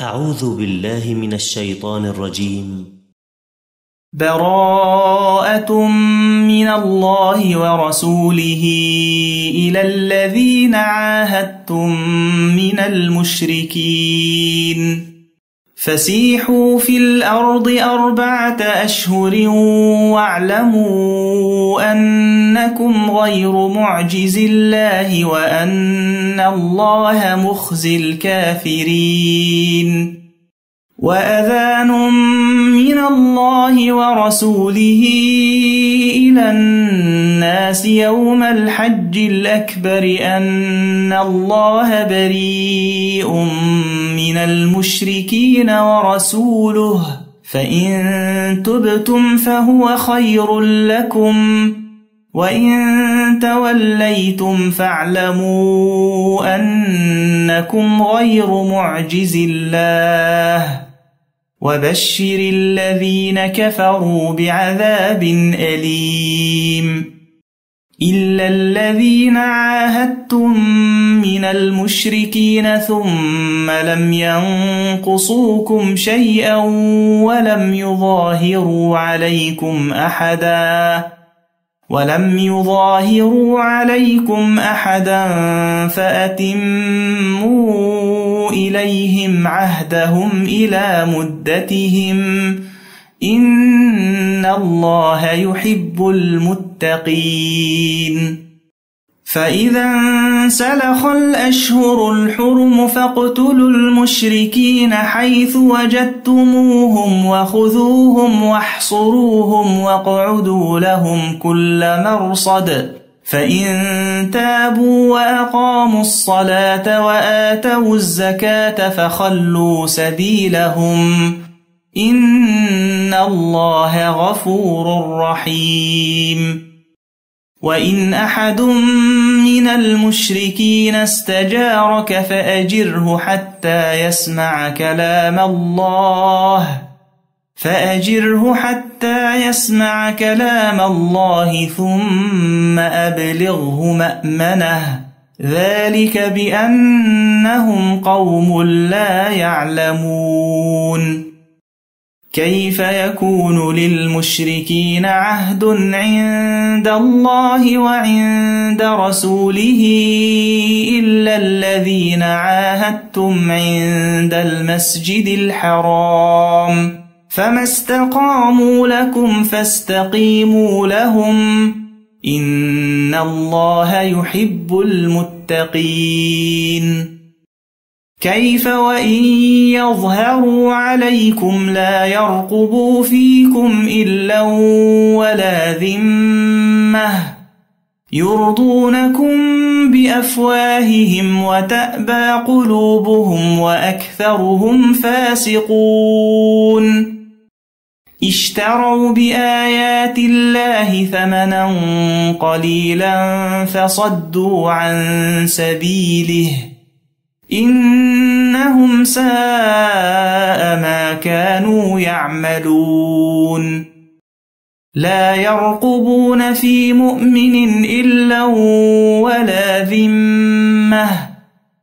أعوذ بالله من الشيطان الرجيم براءة من الله ورسوله إلى الذين عاهدتم من المشركين فسيحوا في الأرض أربعة أشهر واعلموا أنكم غير معجز الله وأن الله مخزي الكافرين وأذان من الله ورسوله إلى الناس يوم الحج الأكبر أن الله بريء من المشركين ورسوله فإن تبتم فهو خير لكم وإن توليتم فاعلموا أنكم غير معجز الله وبشر الذين كفروا بعذاب أليم إلا الذين عاهدتم من المشركين ثم لم ينقصوكم شيئا ولم يظاهروا عليكم أحداً ولم يظاهروا عليكم احدا فاتموا إليهم عهدهم إلى مدتهم إن الله يحب المتقين فإذا انسلخ الأشهر الحرم فاقتلوا المشركين حيث وجدتموهم وخذوهم واحصروهم واقعدوا لهم كل مرصد فإن تابوا وأقاموا الصلاة وآتوا الزكاة فخلوا سبيلهم إن الله غفور رحيم وإن أحد من المشركين استجارك فأجره حتى يسمع كلام الله فأجره حتى يسمع كلام الله ثم أبلغه مأمنه ذلك بأنهم قوم لا يعلمون كيف يكون للمشركين عهد عند الله وعند رسوله إلا الذين عاهدتم عند المسجد الحرام؟ فما استقاموا لكم فاستقيموا لهم إن الله يحب المتقين كيف وإن يظهروا عليكم لا يرقبوا فيكم إلا ولا ذمة يرضونكم بأفواههم وتأبى قلوبهم وأكثرهم فاسقون اشتروا بآيات الله ثمنا قليلا فصدوا عن سبيله إنهم ساء ما كانوا يعملون لا يرقبون في مؤمن إلا ولا ذمة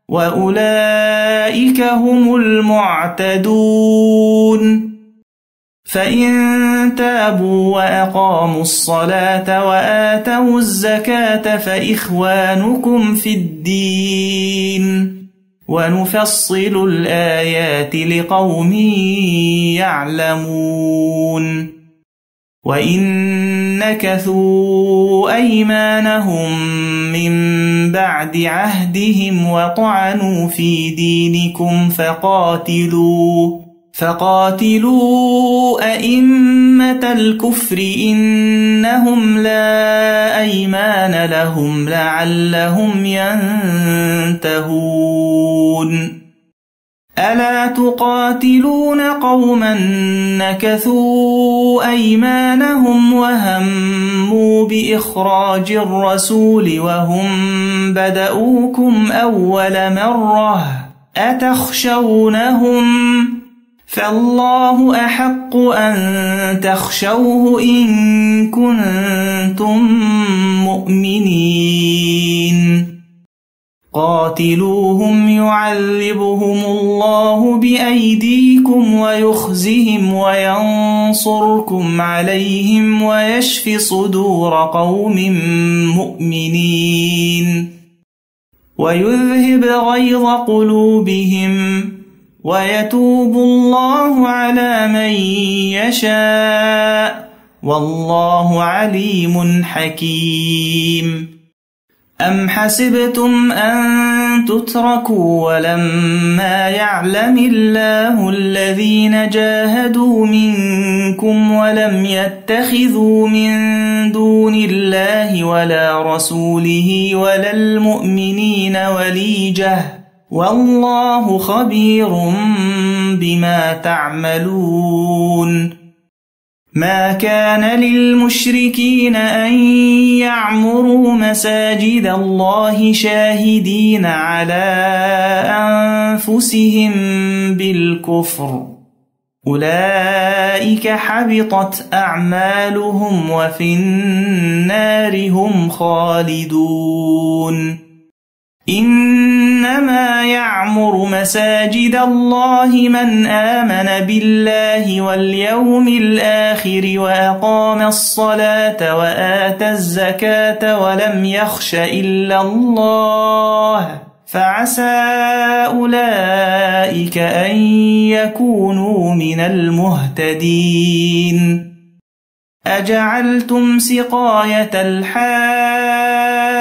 وأولئك هم المعتدون فإن تابوا وأقاموا الصلاة وآتوا الزكاة فإخوانكم في الدين ونفصل الآيات لقوم يعلمون وإن نكثوا أيمانهم من بعد عهدهم وطعنوا في دينكم فقاتلوا فقاتلوا أئمة الكفر إنهم لا أيمان لهم لعلهم ينتهون ألا تقاتلون قوما نكثوا أيمانهم وهموا بإخراج الرسول وهم بدؤوكم أول مرة أتخشونهم؟ فالله أحق أن تخشوه إن كنتم مؤمنين قاتلوهم يعذبهم الله بأيديكم ويخزهم وينصركم عليهم ويشف صدور قوم مؤمنين ويذهب غيظ قلوبهم ويتوب الله على من يشاء والله عليم حكيم أم حسبتم أن تتركوا ولما يعلم الله الذين جاهدوا منكم ولم يتخذوا من دون الله ولا رسوله ولا المؤمنين وليجه والله خبير بما تعملون ما كان للمشركين أن يعمروا مساجد الله شاهدين على أنفسهم بالكفر أولئك حبطت أعمالهم وفي النار هم خالدون إن إنما يعمر مساجد الله من آمن بالله واليوم الآخر وأقام الصلاة وآتى الزكاة ولم يخش إلا الله فعسى أولئك أن يكونوا من المهتدين أجعلتم سقاية الحاج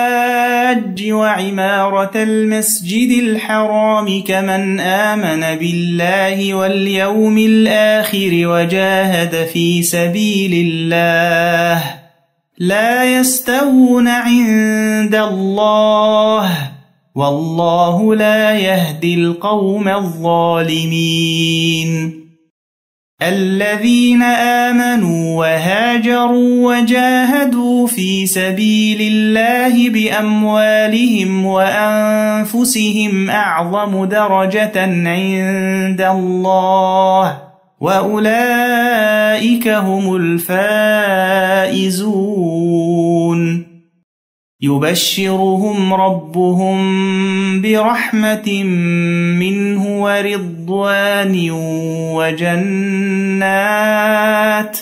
الحج وعمارة المسجد الحرام كمن آمن بالله واليوم الآخر وجاهد في سبيل الله لا يستوون عند الله والله لا يهدي القوم الظالمين الذين آمنوا وهاجروا وجاهدوا في سبيل الله بأموالهم وأنفسهم أعظم درجة عند الله وأولئك هم الفائزون يبشرهم ربهم برحمة منه ورضوان وجنات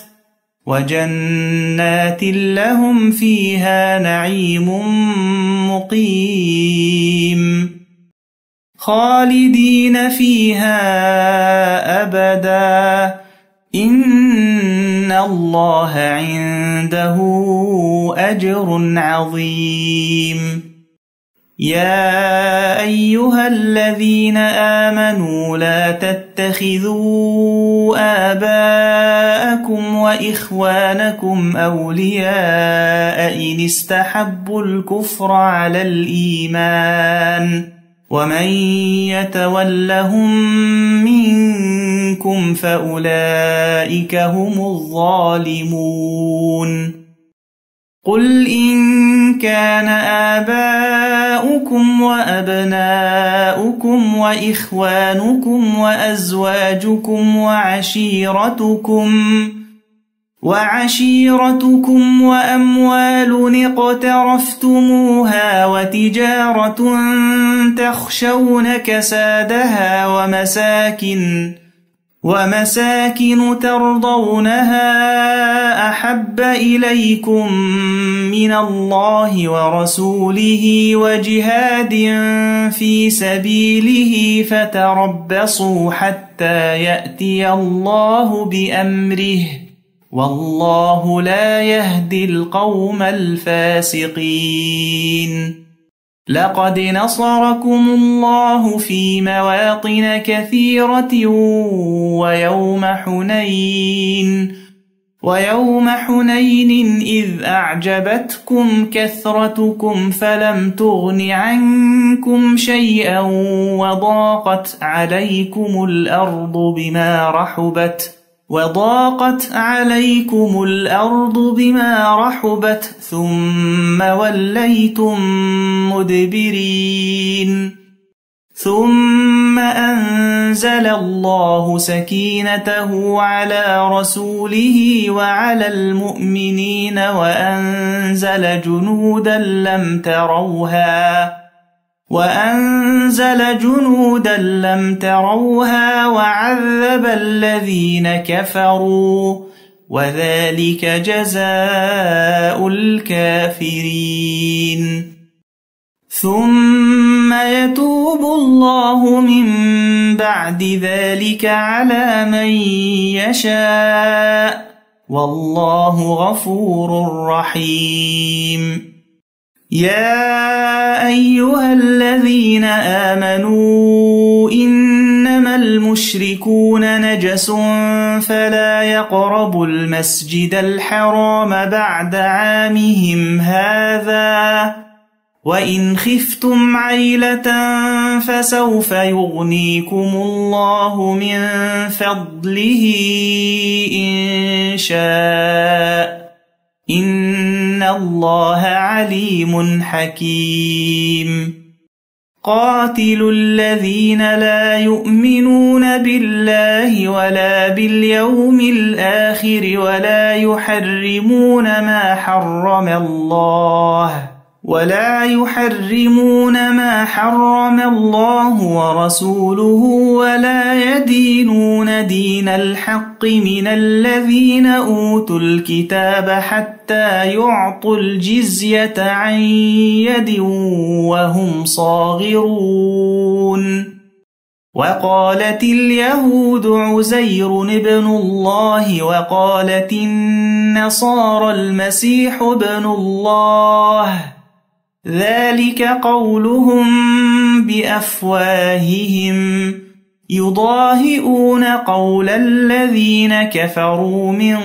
وجنات لهم فيها نعيم مقيم خالدين فيها أبدا إن إن الله عنده أجر عظيم يا أيها الذين آمنوا لا تتخذوا آباءكم وإخوانكم أولياء إن استحبوا الكفر على الإيمان ومن يتولهم منكم منكم فأولئك هم الظالمون قل إن كان آباؤكم وأبناؤكم وإخوانكم وأزواجكم وعشيرتكم وعشيرتكم وأموال اقترفتموها وتجارة تخشون كسادها ومساكن ومساكن ترضونها أحب إليكم من الله ورسوله وجهاد في سبيله فتربصوا حتى يأتي الله بأمره والله لا يهدي القوم الفاسقين لقد نصركم الله في مواطن كثيرة ويوم حنين ويوم حنين إذ أعجبتكم كثرتكم فلم تغن عنكم شيئا وضاقت عليكم الأرض بما رحبت وضاقت عليكم الأرض بما رحبت ثم وليتم مدبرين ثم أنزل الله سكينته على رسوله وعلى المؤمنين وأنزل جنودا لم تروها وأنزل جنودا لم تروها وعذب الذين كفروا وذلك جزاء الكافرين ثم يتوب الله من بعد ذلك على من يشاء والله غفور رحيم يا أيها الذين آمنوا إنما المشركون نجس فلا يقربوا المسجد الحرام بعد عامهم هذا وإن خفتم عيلة فسوف يغنيكم الله من فضله إن شاء إن إن الله عليم حكيم قاتلوا الذين لا يؤمنون بالله ولا باليوم الآخر ولا يحرمون ما حرم الله ولا يحرمون ما حرم الله ورسوله ولا يدينون دين الحق من الذين أوتوا الكتاب حتى يعطوا الجزية عن يد وهم صاغرون وقالت اليهود عزير ابن الله وقالت النصارى المسيح ابن الله ذلك قولهم بأفواههم يضاهئون قول الذين كفروا من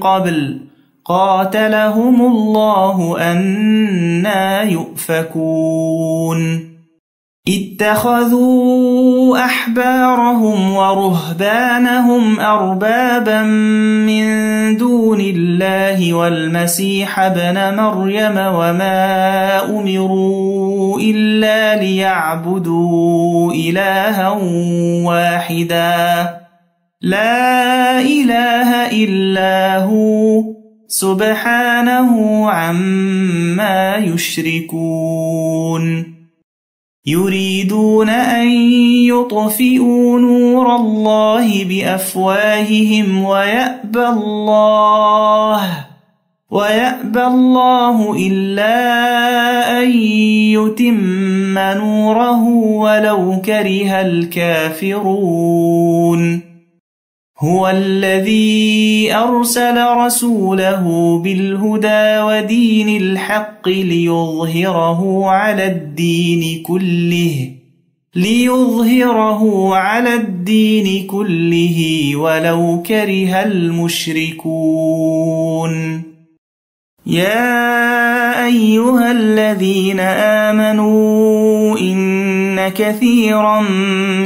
قبل قاتلهم الله أنا يؤفكون اتخذوا أحبارهم ورهبانهم أربابا من دون الله والمسيح ابن مريم وما أمروا إلا ليعبدوا إلها واحدا لا إله إلا هو سبحانه عما يشركون يريدون أن يطفئوا نور الله بأفواههم ويأبى الله ويأبى الله إلا أن يتم نوره ولو كره الكافرون هو الذي أرسل رسوله بالهدى ودين الحق ليظهره على الدين كله ليظهره على الدين كله ولو كره المشركون يا أيها الذين آمنوا إن كثيرا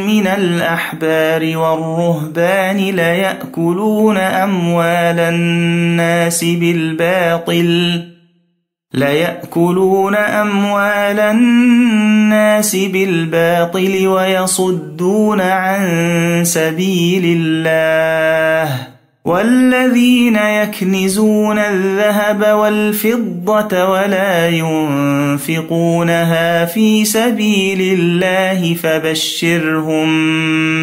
من الأحبار والرهبان ليأكلون أموال الناس بالباطل ليأكلون أموال الناس بالباطل ويصدون عن سبيل الله والذين يكنزون الذهب والفضة ولا ينفقونها في سبيل الله فبشرهم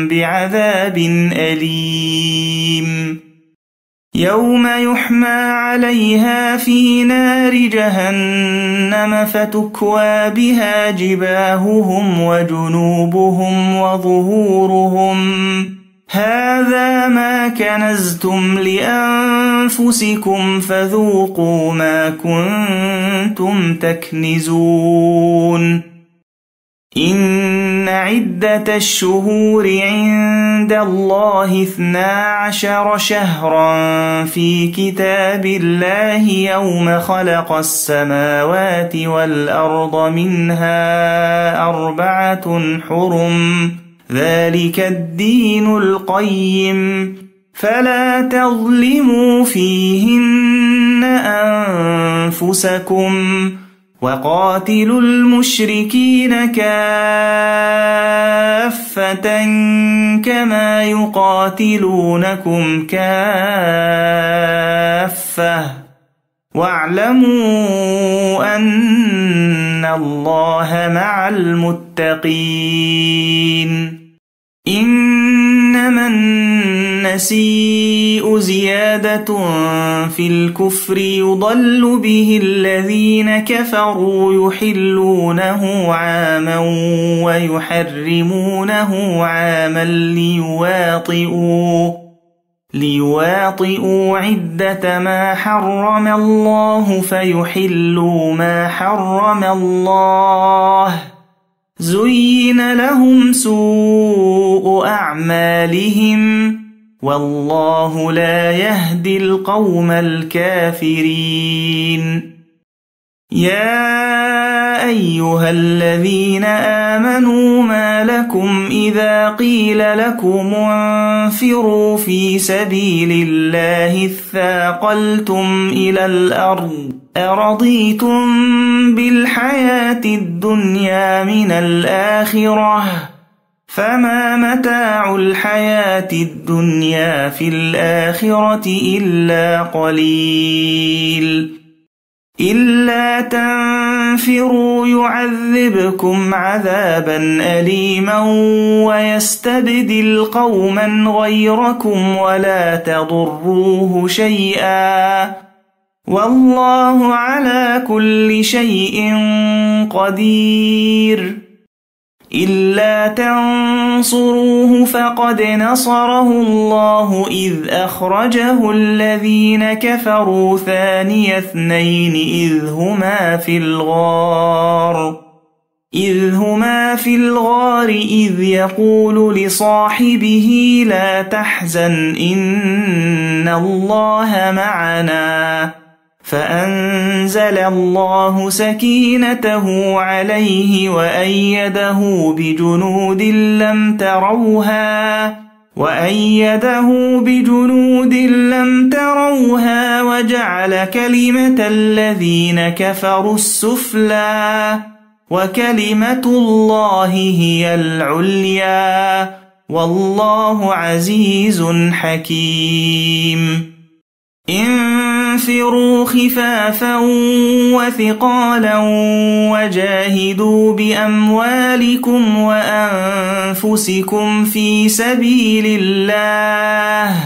بعذاب أليم يوم يحمى عليها في نار جهنم فتكوى بها جباههم وجنوبهم وظهورهم هذا ما كنزتم لأنفسكم فذوقوا ما كنتم تكنزون إن عدة الشهور عند الله اثنا عشر شهرا في كتاب الله يوم خلق السماوات والأرض منها أربعة حرم ذلك الدين القيم فلا تظلموا فيهن أنفسكم وقاتلوا المشركين كافة كما يقاتلونكم كافة واعلموا أن الله مع المتقين إنما النسيء زيادة في الكفر يضل به الذين كفروا يحلونه عاما ويحرمونه عاما ليواطئوا ليواطئوا عدة ما حرم الله فيحلوا ما حرم الله زين لهم سوء أعمالهم والله لا يهدي القوم الكافرين يا أيها الذين آمنوا ما لكم إذا قيل لكم انفروا في سبيل الله اثاقلتم إلى الأرض أرضيتم بالحياة الدنيا من الآخرة فما متاع الحياة الدنيا في الآخرة إلا قليل إلا تنفروا يعذبكم عذابا أليما ويستبدل قوما غيركم ولا تضروه شيئا والله على كل شيء قدير إلا تنصروه فقد نصره الله إذ أخرجه الذين كفروا ثاني اثنين إذ هما في الغار إذ هما في الغار إذ يقول لصاحبه لا تحزن إن الله معنا فأنزل الله سكينته عليه وأيده بجنود لم تروها وأيده بجنود لم تروها وجعل كلمة الذين كفروا السفلى وكلمة الله هي العليا والله عزيز حكيم انفروا خفافا وثقالا وجاهدوا بأموالكم وأنفسكم في سبيل الله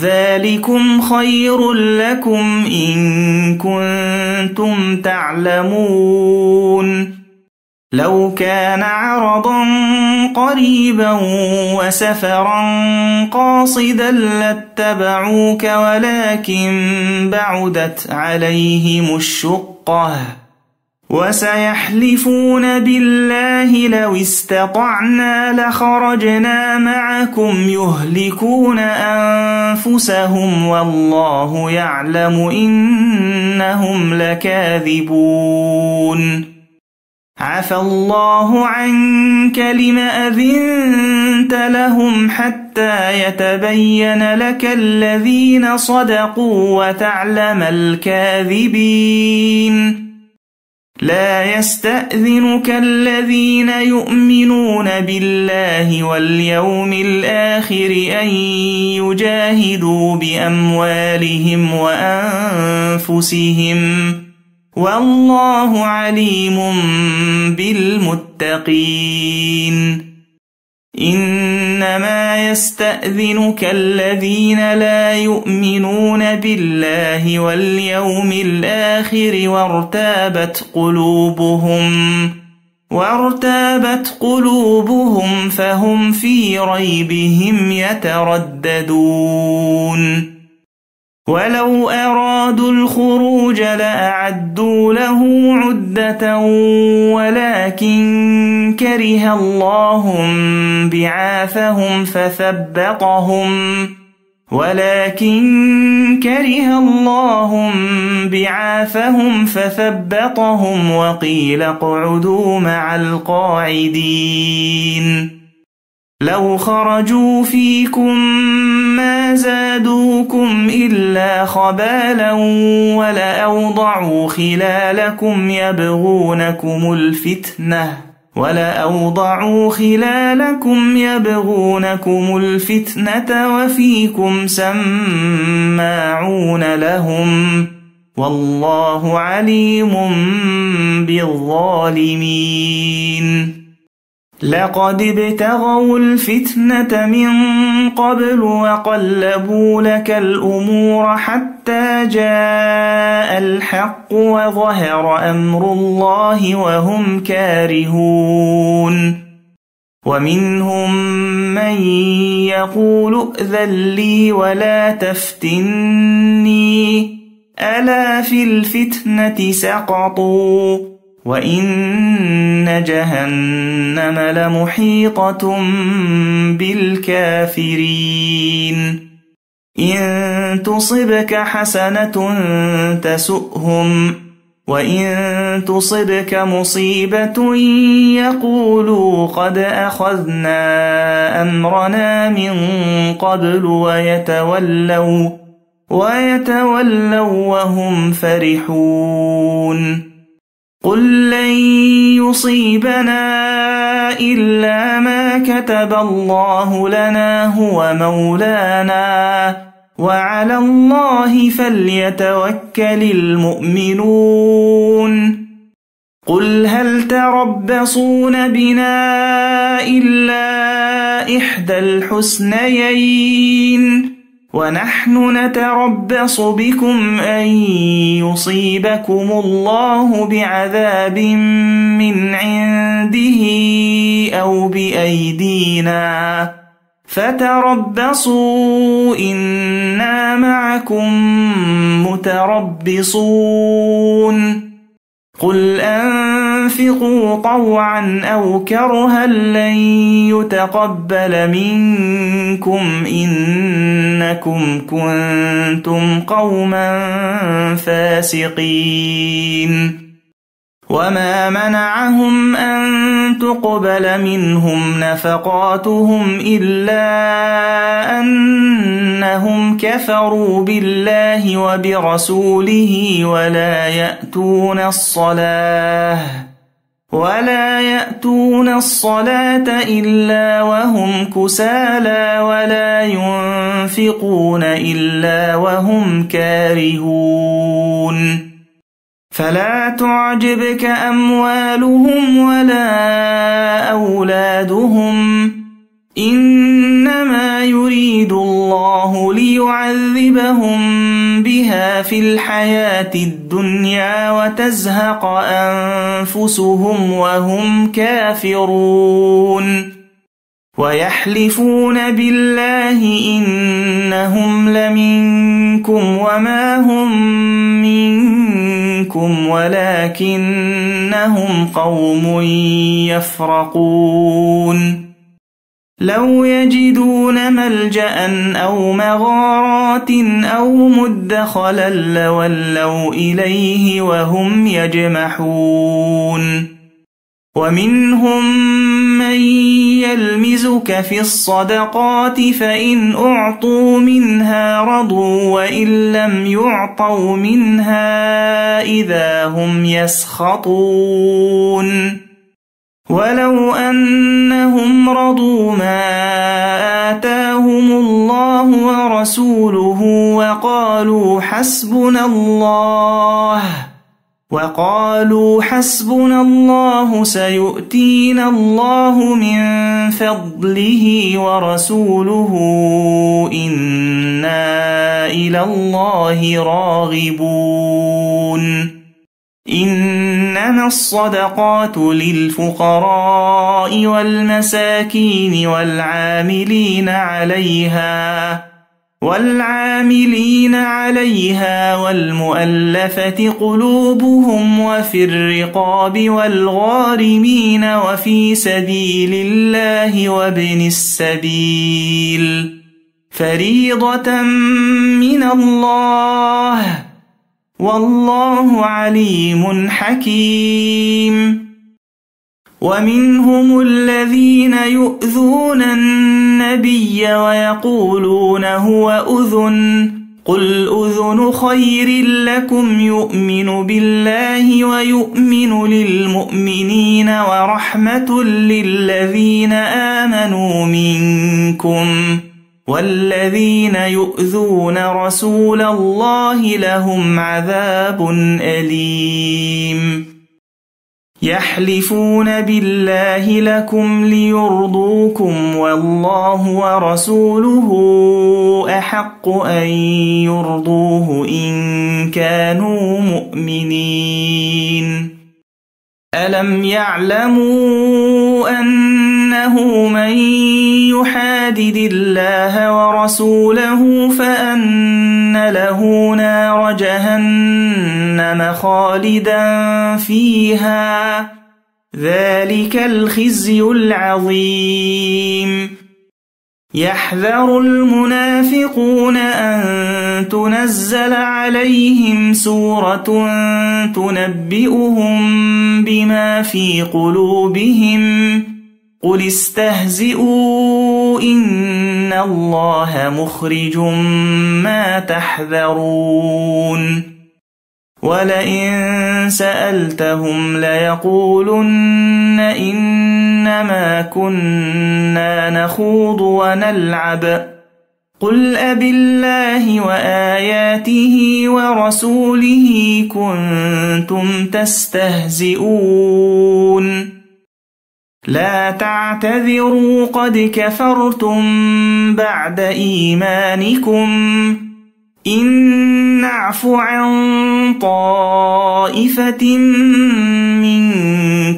ذلكم خير لكم إن كنتم تعلمون لو كان عرضا قريبا وسفرا قاصدا لاتبعوك ولكن بعدت عليهم الشقة وسيحلفون بالله لو استطعنا لخرجنا معكم يهلكون أنفسهم والله يعلم إنهم لكاذبون عفى الله عنك لما أذنت لهم حتى يتبين لك الذين صدقوا وتعلم الكاذبين لا يستأذنك الذين يؤمنون بالله واليوم الآخر أن يجاهدوا بأموالهم وأنفسهم والله عليم بالمتقين إنما يستأذنك الذين لا يؤمنون بالله واليوم الآخر وارتابت قلوبهم وارتابت قلوبهم فهم في ريبهم يترددون ولو أرادوا الخروج لأعدوا له عدة ولكن كره الله بعاثهم فثبطهم ولكن كره الله بعاثهم فثبطهم وقيل اقعدوا مع القاعدين لو خرجوا فيكم ما زادوكم إلا خبالا ولأوضعوا خلالكم يبغونكم الفتنة ولأوضعوا خلالكم يبغونكم الفتنة وفيكم سماعون لهم والله عليم بالظالمين لقد ابتغوا الفتنة من قبل وقلبوا لك الأمور حتى جاء الحق وظهر أمر الله وهم كارهون ومنهم من يقول ائذن لي ولا تفتني ألا في الفتنة سقطوا وإن جهنم لمحيطة بالكافرين إن تصبك حسنة تسؤهم وإن تصبك مصيبة يقولوا قد أخذنا أمرنا من قبل ويتولوا ويتولوا وهم فرحون قل لن يصيبنا إلا ما كتب الله لنا هو مولانا وعلى الله فليتوكل المؤمنون قل هل تربصون بنا إلا إحدى الحسنيين ونحن نتربص بكم أن يصيبكم الله بعذاب من عنده أو بأيدينا فتربصوا إنا معكم متربصون قل أنفقوا طوعا أو كرها لن يتقبل منكم إنكم كنتم قوما فاسقين وما منعهم أن تقبل منهم نفقاتهم إلا أنهم كفروا بالله وبرسوله ولا يأتون الصلاة ولا يأتون الصلاة إلا وهم كسالى ولا ينفقون إلا وهم كارهون فلا تعجبك أموالهم ولا أولادهم إنما يريد الله ليعذبهم بها في الحياة الدنيا وتزهق أنفسهم وهم كافرون ويحلفون بالله إنهم لمنكم وما هم منكم منكم ولكنهم قوم يفرقون لو يجدون ملجأ أو مغارات أو مدخلا لولوا إليه وهم يجمحون ومنهم من يلمزك في الصدقات فإن أعطوا منها رضوا وإن لم يعطوا منها إذا هم يسخطون ولو أنهم رضوا ما آتاهم الله ورسوله وقالوا حسبنا الله وقالوا حسبنا الله سيؤتينا الله من فضله ورسوله إنا إلى الله راغبون إنما الصدقات للفقراء والمساكين والعاملين عليها والعاملين عليها والمؤلفة قلوبهم وفي الرقاب والغارمين وفي سبيل الله وابن السبيل فريضة من الله والله عليم حكيم ومنهم الذين يؤذون النبي ويقولون هو أذن قل أذن خير لكم يؤمن بالله ويؤمن للمؤمنين ورحمة للذين آمنوا منكم والذين يؤذون رسول الله لهم عذاب أليم يحلفون بالله لكم ليرضوكم والله ورسوله أحق أن يرضوه إن كانوا مؤمنين ألم يعلموا أنه من يحادد الله ورسوله فأن له نار جهنم خالدا فيها ذلك الخزي العظيم يحذر المنافقون أن تنزل عليهم سورة تنبئهم بما في قلوبهم قل استهزئوا إن الله مخرج ما تحذرون ولئن سألتهم ليقولن إنما كنا نخوض ونلعب قل أب الله وآياته ورسوله كنتم تستهزئون لا تعتذروا قد كفرتم بعد إيمانكم إن نعف عن طائفة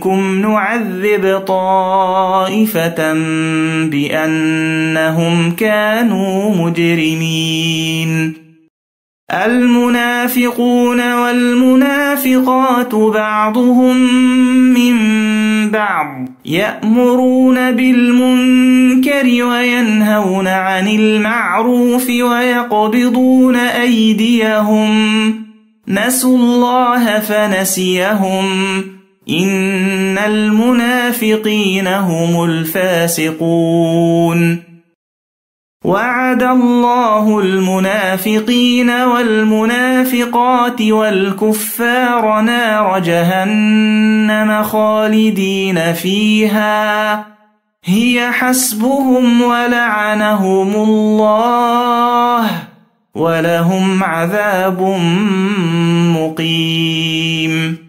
منكم نعذب طائفة بأنهم كانوا مجرمين المنافقون والمنافقات بعضهم من بعض يأمرون بالمنكر وينهون عن المعروف ويقبضون أيديهم نسوا الله فنسيهم إن المنافقين هم الفاسقون وعد الله المنافقين والمنافقات والكفار نار جهنم خالدين فيها هي حسبهم ولعنهم الله ولهم عذاب مقيم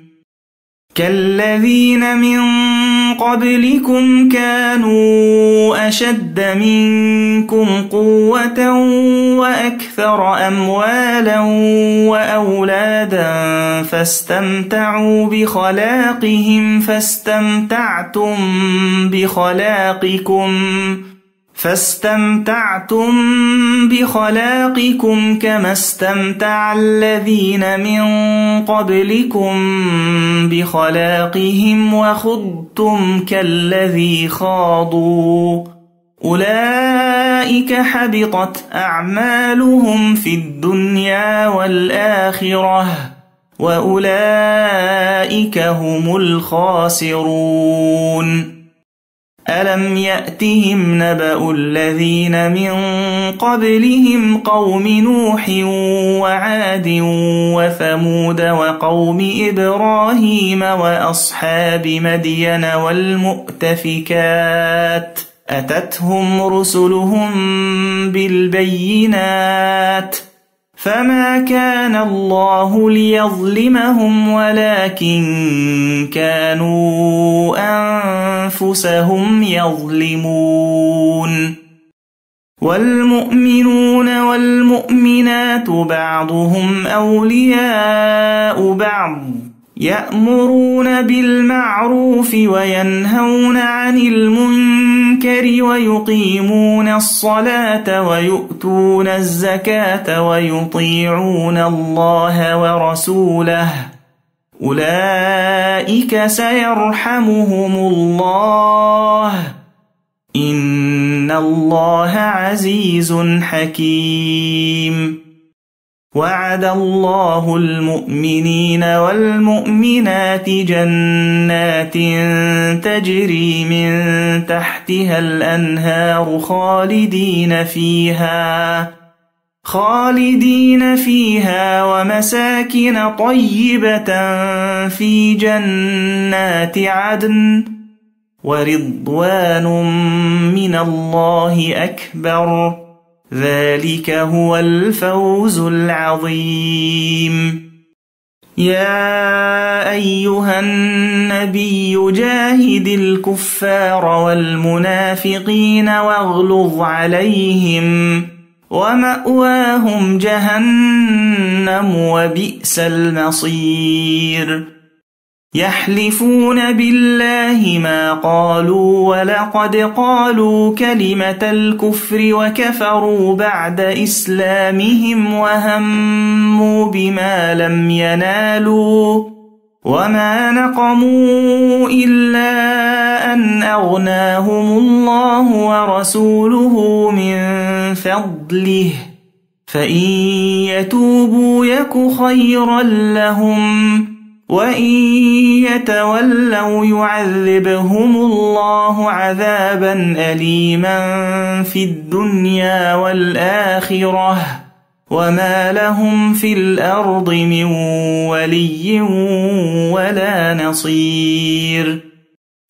كالذين من قبلكم كانوا أشد منكم قوة وأكثر أموالا وأولادا فاستمتعوا بخلاقهم فاستمتعتم بخلاقكم فاستمتعتم بخلاقكم كما استمتع الذين من قبلكم بخلاقهم وخضتم كالذي خاضوا أولئك حبطت أعمالهم في الدنيا والآخرة وأولئك هم الخاسرون ألم يأتهم نبأ الذين من قبلهم قوم نوح وعاد وثمود وقوم إبراهيم وأصحاب مدين والمؤتفكات أتتهم رسلهم بالبينات فما كان الله ليظلمهم ولكن كانوا أنفسهم يظلمون والمؤمنون والمؤمنات بعضهم أولياء بعض يأمرون بالمعروف وينهون عن المنكر ويقيمون الصلاة ويؤتون الزكاة ويطيعون الله ورسوله أولئك سيرحمهم الله إن الله عزيز حكيم وعد الله المؤمنين والمؤمنات جنات تجري من تحتها الأنهار خالدين فيها خالدين فيها ومساكن طيبة في جنات عدن ورضوان من الله أكبر ذلك هو الفوز العظيم يا ايها النبي جاهد الكفار والمنافقين واغلظ عليهم وماواهم جهنم وبئس المصير يحلفون بالله ما قالوا ولقد قالوا كلمة الكفر وكفروا بعد إسلامهم وهموا بما لم ينالوا وما نقموا إلا أن أغناهم الله ورسوله من فضله فإن يتوبوا يك خيرا لهم وإن يتولوا يعذبهم الله عذابا أليما في الدنيا والآخرة وما لهم في الأرض من ولي ولا نصير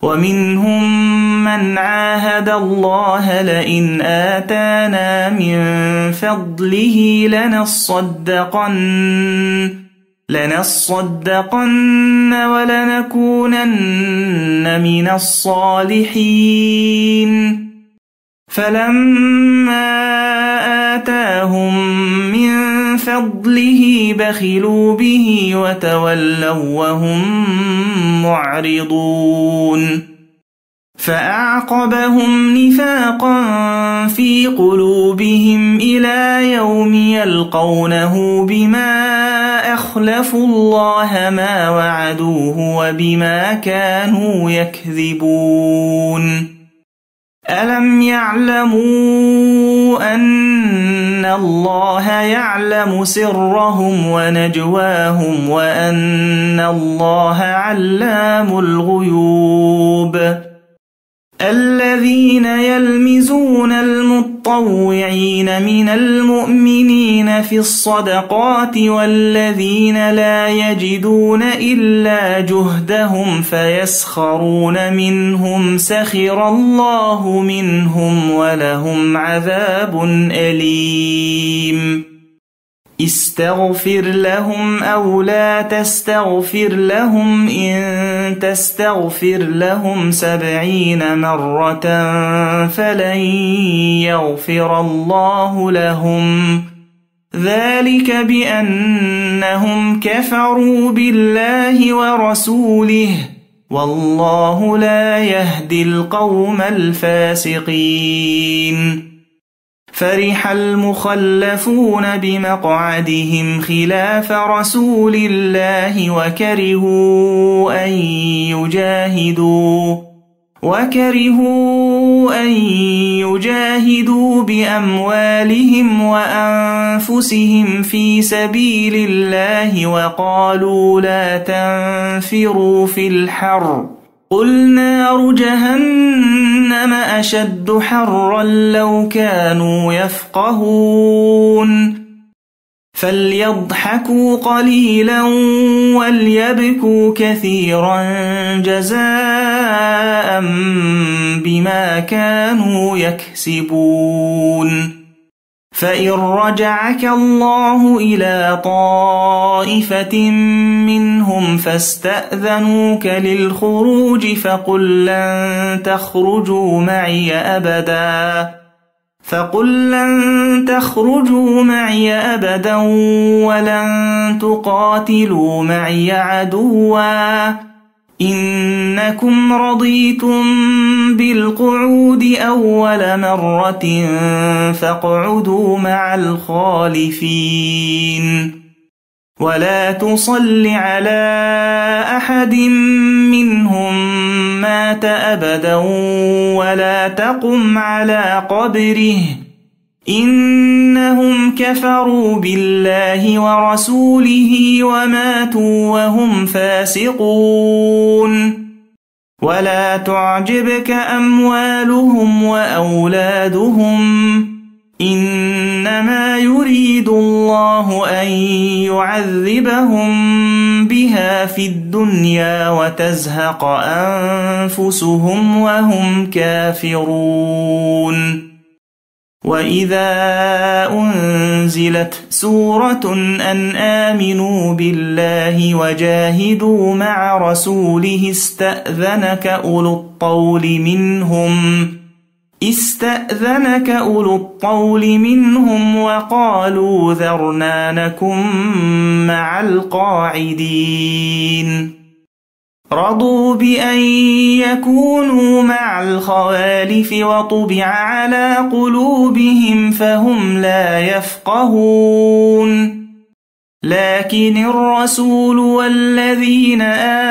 ومنهم من عاهد الله لئن آتانا من فضله لنصدقن لنصدقن ولنكونن من الصالحين فلما آتاهم من فضله بخلوا به وتولوا وهم معرضون فأعقبهم نفاقا في قلوبهم إلى يوم يلقونه بما أخلفوا الله ما وعدوه وبما كانوا يكذبون ألم يعلموا أن الله يعلم سرهم ونجواهم وأن الله علام الغيوب الذين يلمزون المطوعين من المؤمنين في الصدقات والذين لا يجدون إلا جهدهم فيسخرون منهم سخر الله منهم ولهم عذاب أليم استغفر لهم أو لا تستغفر لهم إن تستغفر لهم سبعين مرة فلن يغفر الله لهم ذلك بأنهم كفروا بالله ورسوله والله لا يهدي القوم الفاسقين فرح المخلفون بمقعدهم خلاف رسول الله وكرهوا أن يجاهدوا وكرهوا أن يجاهدوا بأموالهم وأنفسهم في سبيل الله وقالوا لا تنفروا في الحرب قل نار جهنم أشد حرا لو كانوا يفقهون فليضحكوا قليلا وليبكوا كثيرا جزاء بما كانوا يكسبون فإن رجعك الله إلى طائفة منهم فاستأذنوك للخروج فقل لن تخرجوا معي أبدا فقل لن تخرجوا معي أبدا ولن تقاتلوا معي عدواً إنكم رضيتم بالقعود أول مرة فاقعدوا مع الخالفين ولا تصل على أحد منهم مات أبدا ولا تقم على قبره إنهم كفروا بالله ورسوله وماتوا وهم فاسقون ولا تعجبك أموالهم وأولادهم إنما يريد الله أن يعذبهم بها في الدنيا وتزهق أنفسهم وهم كافرون وإذا أنزلت سورة أن آمنوا بالله وجاهدوا مع رسوله استأذنك أولو الطول منهم استأذنك أولو الطول منهم وقالوا ذرنا نكن مع القاعدين رضوا بأن يكونوا مع الخوالف وطبع على قلوبهم فهم لا يفقهون لكن الرسول والذين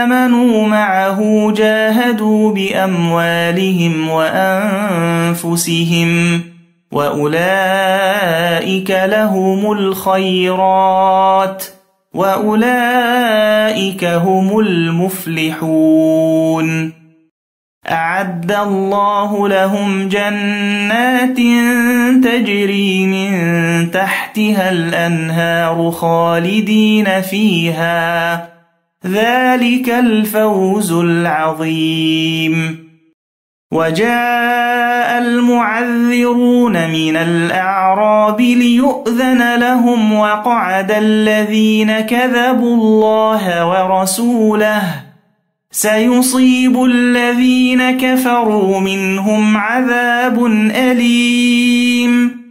آمنوا معه جاهدوا بأموالهم وأنفسهم وأولئك لهم الخيرات واولئك هم المفلحون اعد الله لهم جنات تجري من تحتها الانهار خالدين فيها ذلك الفوز العظيم وجاء المعذرون من الأعراب ليؤذن لهم وقعد الذين كذبوا الله ورسوله سيصيب الذين كفروا منهم عذاب أليم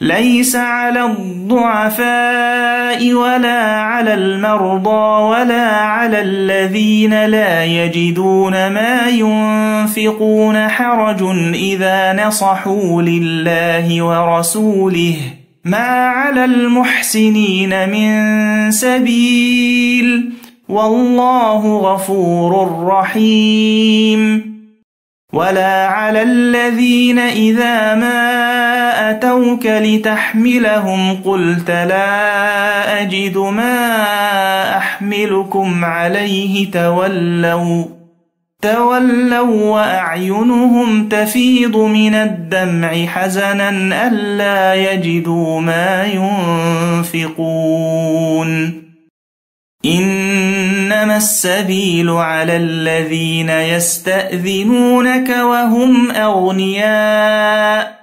ليس على الضعفاء ولا على المرضى ولا على الذين لا يجدون ما ينفقون حرج إذا نصحوا لله ورسوله ما على المحسنين من سبيل والله غفور رحيم ولا على الذين إذا ما أتوك لتحملهم قلت لا أجد ما أحملكم عليه تولوا تولوا وأعينهم تفيض من الدمع حزنا ألا يجدوا ما ينفقون إن إنما السبيل على الذين يستأذنونك وهم أغنياء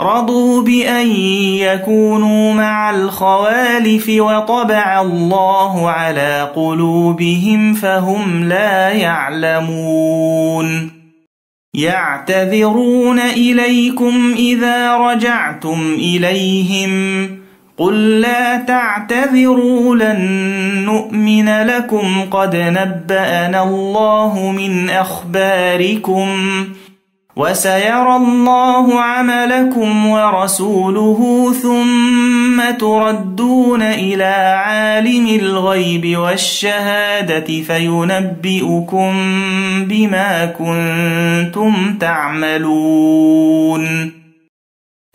رضوا بأن يكونوا مع الخوالف وطبع الله على قلوبهم فهم لا يعلمون يعتذرون إليكم إذا رجعتم إليهم قل لا تعتذروا لن نؤمن لكم قد نبأنا الله من أخباركم وسيرى الله عملكم ورسوله ثم تردون إلى عالم الغيب والشهادة فينبئكم بما كنتم تعملون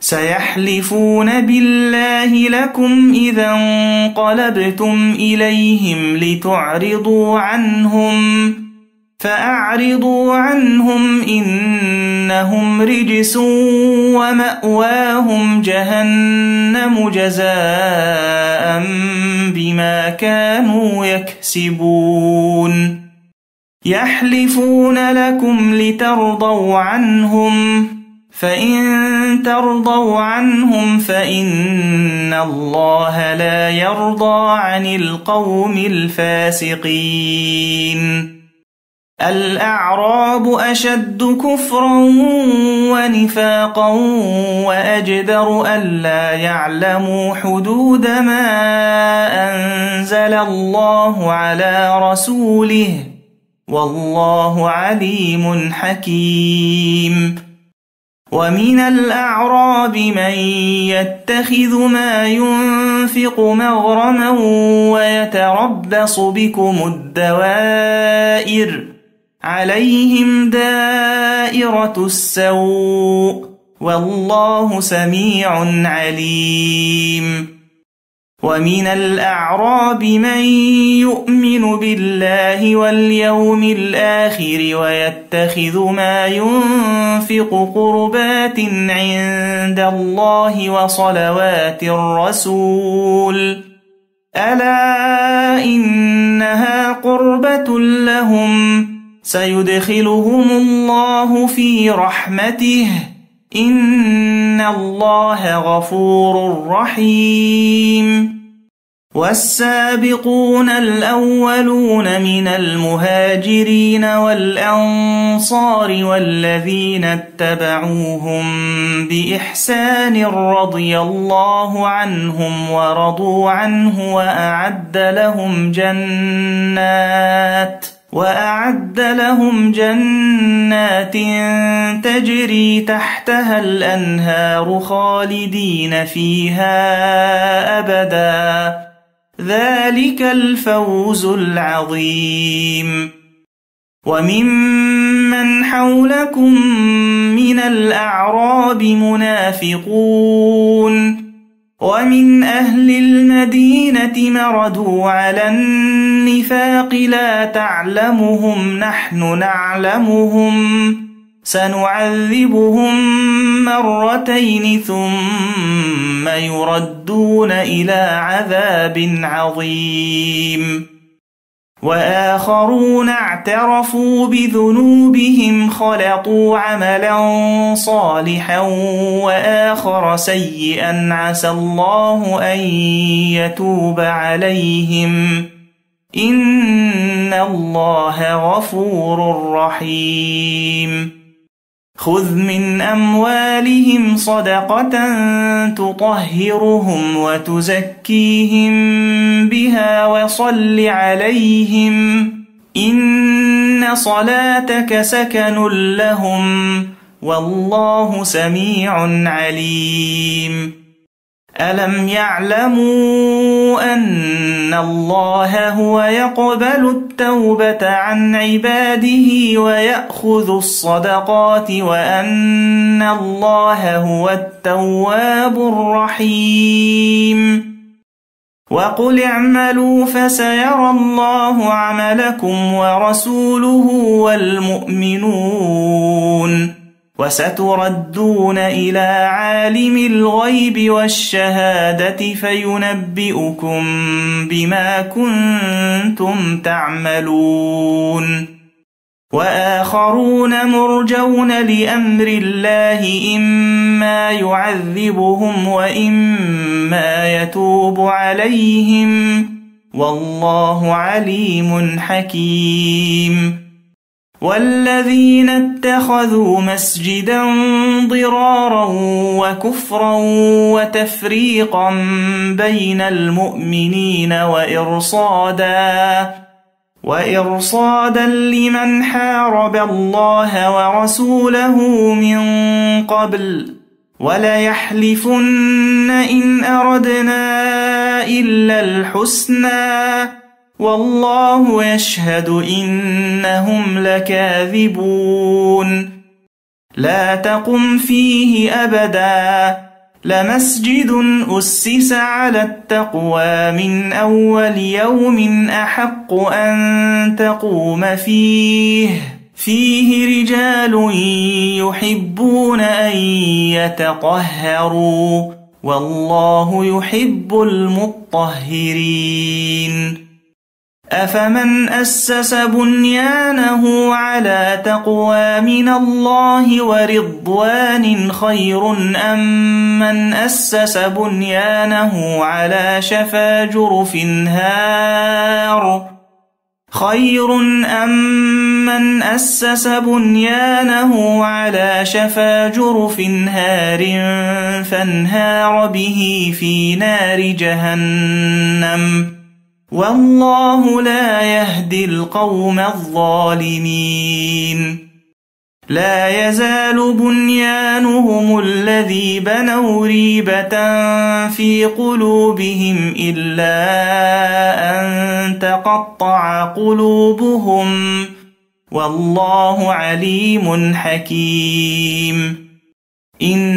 سيحلفون بالله لكم إذا انقلبتم إليهم لتعرضوا عنهم فأعرضوا عنهم إنهم رجس ومأواهم جهنم جزاء بما كانوا يكسبون يحلفون لكم لترضوا عنهم فإن ترضوا عنهم فإن الله لا يرضى عن القوم الفاسقين الأعراب أشد كفرا ونفاقا وأجدر ألا يعلموا حدود ما أنزل الله على رسوله والله عليم حكيم ومن الأعراب من يتخذ ما ينفق مغرما ويتربص بكم الدوائر عليهم دائرة السوء والله سميع عليم ومن الأعراب من يؤمن بالله واليوم الآخر ويتخذ ما ينفق قربات عند الله وصلوات الرسول ألا إنها قربة لهم سيدخلهم الله في رحمته إن الله غفور رحيم والسابقون الأولون من المهاجرين والأنصار والذين اتبعوهم بإحسان رضي الله عنهم ورضوا عنه وأعد لهم جنات ۖ وأعد لهم جنات تجري تحتها الأنهار خالدين فيها أبدا ذلك الفوز العظيم وممن حولكم من الأعراب منافقون ومن أهل المدينة مردوا على النفاق لا تعلمهم نحن نعلمهم سنعذبهم مرتين ثم يردون إلى عذاب عظيم وآخرون اعترفوا بذنوبهم خلطوا عملا صالحا وآخر سيئا عسى الله أن يتوب عليهم إن الله غفور رحيم خذ من أموالهم صدقة تطهرهم وتزكيهم بها وصل عليهم إن صلاتك سكن لهم والله سميع عليم ألم يعلموا أن الله هو يقبل التوبة عن عباده ويأخذ الصدقات وأن الله هو التواب الرحيم وقل اعملوا فسيرى الله عملكم ورسوله والمؤمنون وستردون إلى عالم الغيب والشهادة فينبئكم بما كنتم تعملون وآخرون مرجون لأمر الله إما يعذبهم وإما يتوب عليهم والله عليم حكيم والذين اتخذوا مسجدا ضرارا وكفرا وتفريقا بين المؤمنين وإرصادا وإرصادا لمن حارب الله ورسوله من قبل وليحلفن إن أردنا إلا الحسنى والله يشهد إنهم لكاذبون لا تقم فيه أبدا لمسجد أسس على التقوى من أول يوم أحق أن تقوم فيه فيه رجال يحبون أن يتطهروا والله يحب المطهرين أفمن أسس بنيانه على تقوى من الله ورضوان خير أم من أسس بنيانه على شفا جرف هار خير أم من أسس بنيانه على شفا جرف هار فانهار به في نار جهنم والله لا يهدي القوم الظالمين لا يزال بنيانهم الذي بنوا ريبة في قلوبهم إلا أن تقطع قلوبهم والله عليم حكيم إن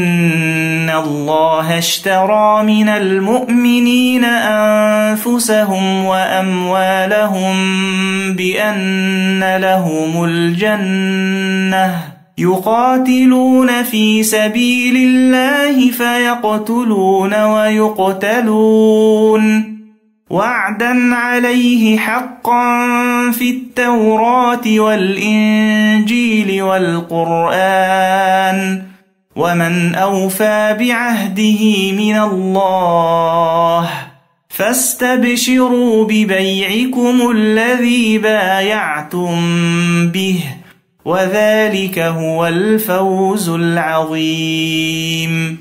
الله اشترى من المؤمنين أنفسهم وأموالهم بأن لهم الجنة يقاتلون في سبيل الله فيقتلون ويقتلون وعدا عليه حقا في التوراة والإنجيل والقرآن ومن أوفى بعهده من الله فاستبشروا ببيعكم الذي بايعتم به وذلك هو الفوز العظيم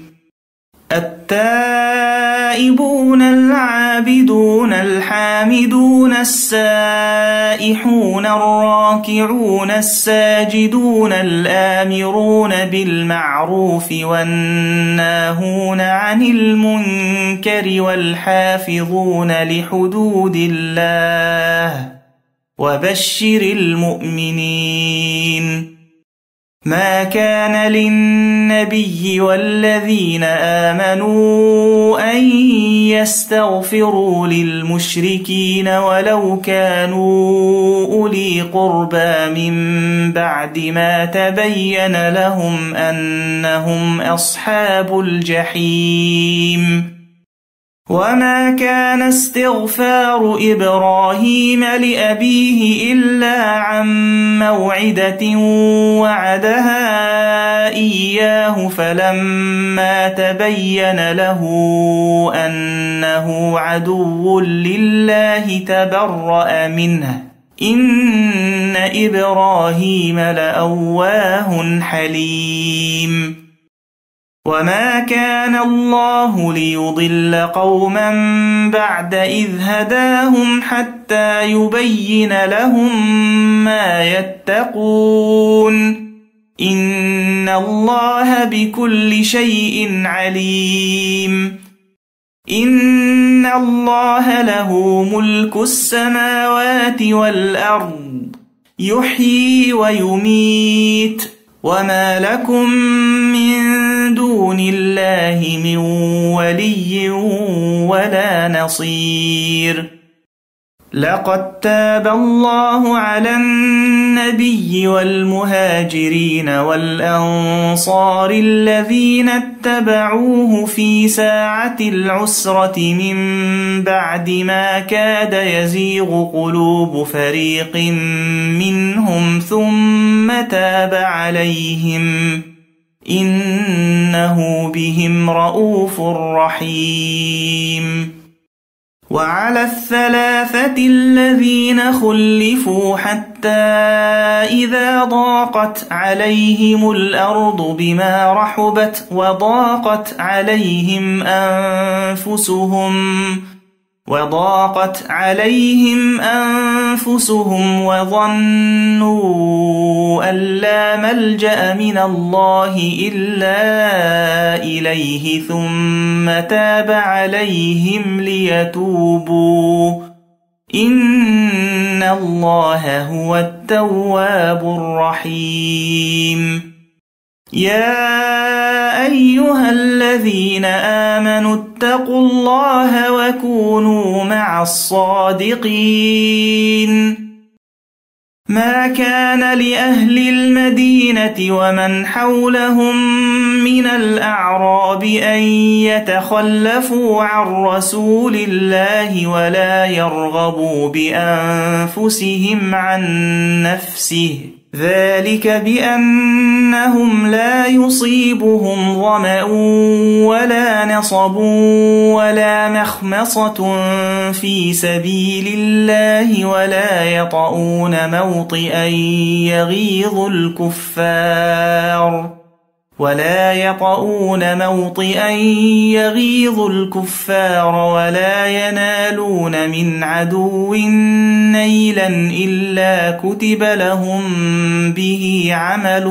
التالي التائبون العابدون الحامدون السائحون الراكعون الساجدون الآمرون بالمعروف والناهون عن المنكر والحافظون لحدود الله وبشر المؤمنين ما كان للنبي والذين آمنوا أن يستغفروا للمشركين ولو كانوا أولي قربى من بعد ما تبين لهم أنهم أصحاب الجحيم وما كان استغفار إبراهيم لأبيه إلا عن موعدة وعدها إياه فلما تبين له أنه عدو لله تبرأ منه إن إبراهيم لأواه حليم وما كان الله ليضل قوما بعد إذ هداهم حتى يبين لهم ما يتقون إن الله بكل شيء عليم إن الله له ملك السماوات والأرض يحيي ويميت وما لكم من دون الله من ولي ولا نصير لقد تاب الله على النبي والمهاجرين والأنصار الذين اتبعوه في ساعة العسرة من بعد ما كاد يزيغ قلوب فريق منهم ثم تاب عليهم إنه بهم رؤوف رحيم وعلى الثلاثة الذين خلفوا حتى إذا ضاقت عليهم الأرض بما رحبت وضاقت عليهم أنفسهم وضاقت عليهم أنفسهم وظنوا أن لا ملجأ من الله إلا إليه ثم تاب عليهم ليتوبوا إن الله هو التواب الرحيم يا أيها الذين آمنوا اتقوا الله وكونوا مع الصادقين ما كان لأهل المدينة ومن حولهم من الأعراب أن يتخلفوا عن رسول الله ولا يرغبوا بأنفسهم عن نفسه ذلك بأنهم لا يصيبهم ظمأ ولا نصب ولا مخمصة في سبيل الله ولا يطؤون موطئا يغيظ الكفار ولا يطؤون موطئا يغيظ الكفار ولا ينالون من عدو نيلا إلا كتب لهم به عمل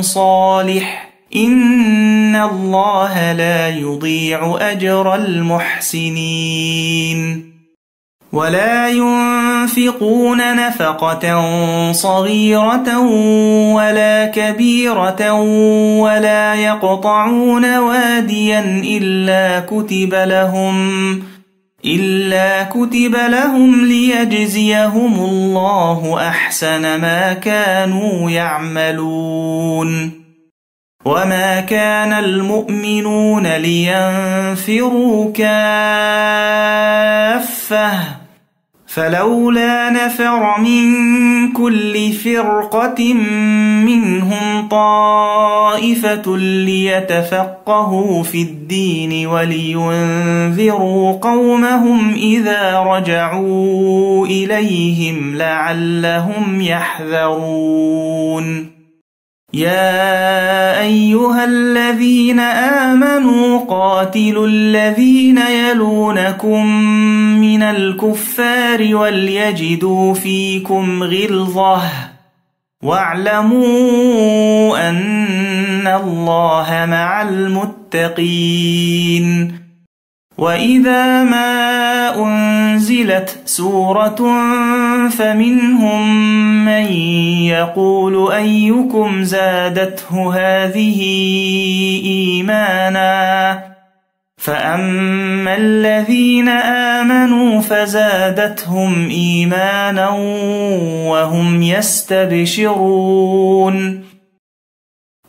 صالح إن الله لا يضيع أجر المحسنين ولا ينفقون نفقة صغيرة ولا كبيرة ولا يقطعون واديا إلا كتب لهم إلا كتب لهم ليجزيهم الله أحسن ما كانوا يعملون وما كان المؤمنون لينفروا كافه فلولا نفر من كل فرقة منهم طائفة ليتفقهوا في الدين ولينذروا قومهم إذا رجعوا إليهم لعلهم يحذرون يا أيها الذين آمنوا قاتلوا الذين يلونكم من الكفار وليجدوا فيكم غلظة واعلموا أن الله مع المتقين وإذا ما أنزلت سورة فمنهم من يقول أيكم زادته هذه إيمانا فأما الذين آمنوا فزادتهم إيمانا وهم يستبشرون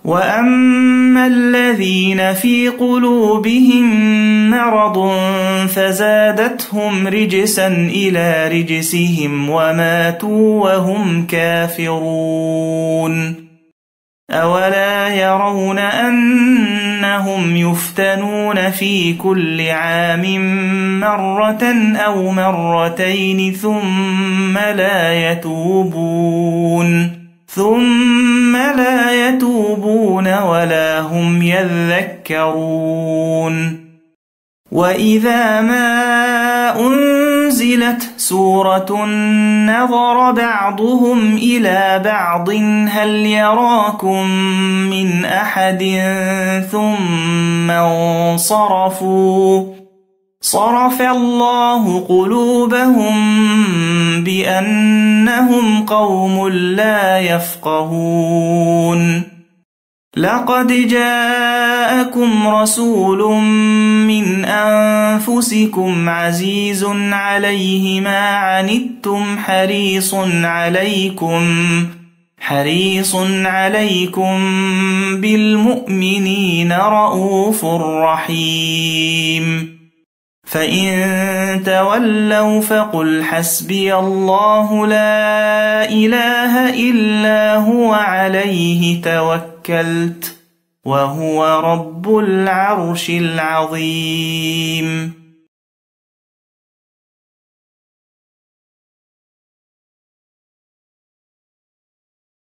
واما الذين في قلوبهم مرض فزادتهم رجسا الى رجسهم وماتوا وهم كافرون اولا يرون انهم يفتنون في كل عام مره او مرتين ثم لا يتوبون ثم لا يتوبون ولا هم يذكرون واذا ما انزلت سوره نظر بعضهم الى بعض هل يراكم من احد ثم انصرفوا صرف الله قلوبهم بأنهم قوم لا يفقهون لقد جاءكم رسول من أنفسكم عزيز عليه ما عنتم حريص عليكم حريص عليكم بالمؤمنين رؤوف رحيم فإن تولوا فقل حسبي الله لا إله إلا هو عليه توكلت وهو رب العرش العظيم